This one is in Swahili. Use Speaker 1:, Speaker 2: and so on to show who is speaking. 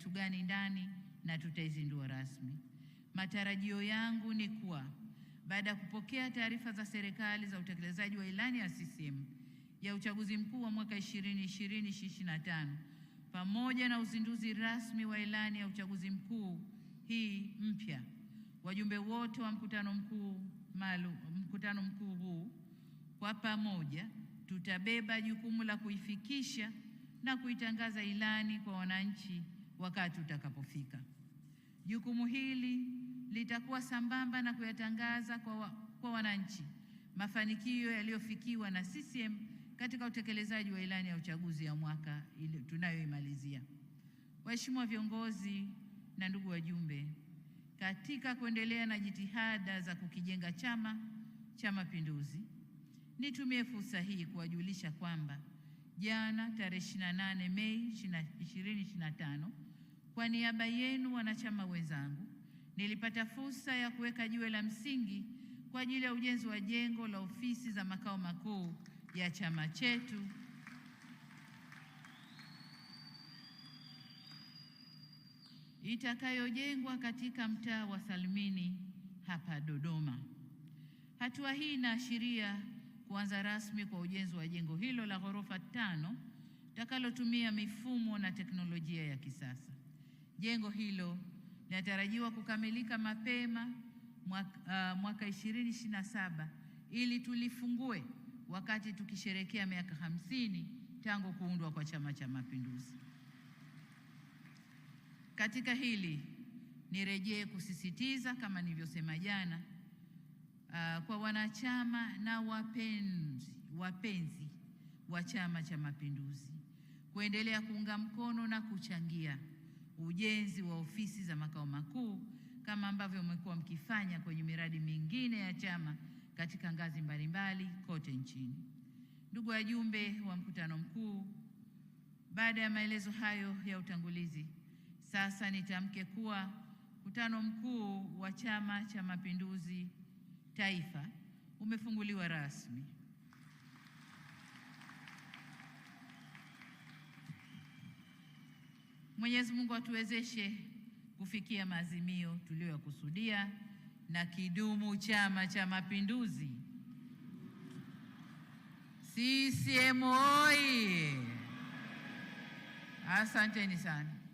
Speaker 1: kitu gani ndani na tutaizindua rasmi. Matarajio yangu ni kuwa baada ya kupokea taarifa za serikali za utekelezaji wa ilani ya CCM ya uchaguzi mkuu wa mwaka 2020 2025 pamoja na uzinduzi rasmi wa ilani ya uchaguzi mkuu hii mpya, wajumbe wote wa mkutano mkuu maalum, mkutano mkuu huu kwa pamoja tutabeba jukumu la kuifikisha na kuitangaza ilani kwa wananchi wakati utakapofika. Jukumu hili litakuwa sambamba na kuyatangaza kwa, wa, kwa wananchi mafanikio yaliyofikiwa na CCM katika utekelezaji wa ilani ya uchaguzi ya mwaka tunayoimalizia. Waheshimiwa viongozi na ndugu wajumbe, katika kuendelea na jitihada za kukijenga Chama cha Mapinduzi, nitumie fursa hii kuwajulisha kwamba jana tarehe 28 Mei 2025 kwa niaba yenu wanachama wenzangu, nilipata fursa ya kuweka jiwe la msingi kwa ajili ya ujenzi wa jengo la ofisi za makao makuu ya chama chetu itakayojengwa katika mtaa wa Salimini hapa Dodoma. Hatua hii inaashiria kuanza rasmi kwa ujenzi wa jengo hilo la ghorofa tano takalotumia mifumo na teknolojia ya kisasa. Jengo hilo linatarajiwa kukamilika mapema mwaka, uh, mwaka 2027 ili tulifungue wakati tukisherekea miaka hamsini tangu kuundwa kwa Chama cha Mapinduzi. Katika hili nirejee kusisitiza kama nilivyosema jana, uh, kwa wanachama na wapenzi wapenzi wa Chama cha Mapinduzi kuendelea kuunga mkono na kuchangia ujenzi wa ofisi za makao makuu kama ambavyo mmekuwa mkifanya kwenye miradi mingine ya chama katika ngazi mbalimbali kote nchini. Ndugu wajumbe wa mkutano mkuu, baada ya maelezo hayo ya utangulizi, sasa nitamke kuwa mkutano mkuu wa Chama cha Mapinduzi Taifa umefunguliwa rasmi. Mwenyezi Mungu atuwezeshe kufikia maazimio tuliyokusudia. na kidumu Chama cha Mapinduzi! CCM oye! Asanteni sana.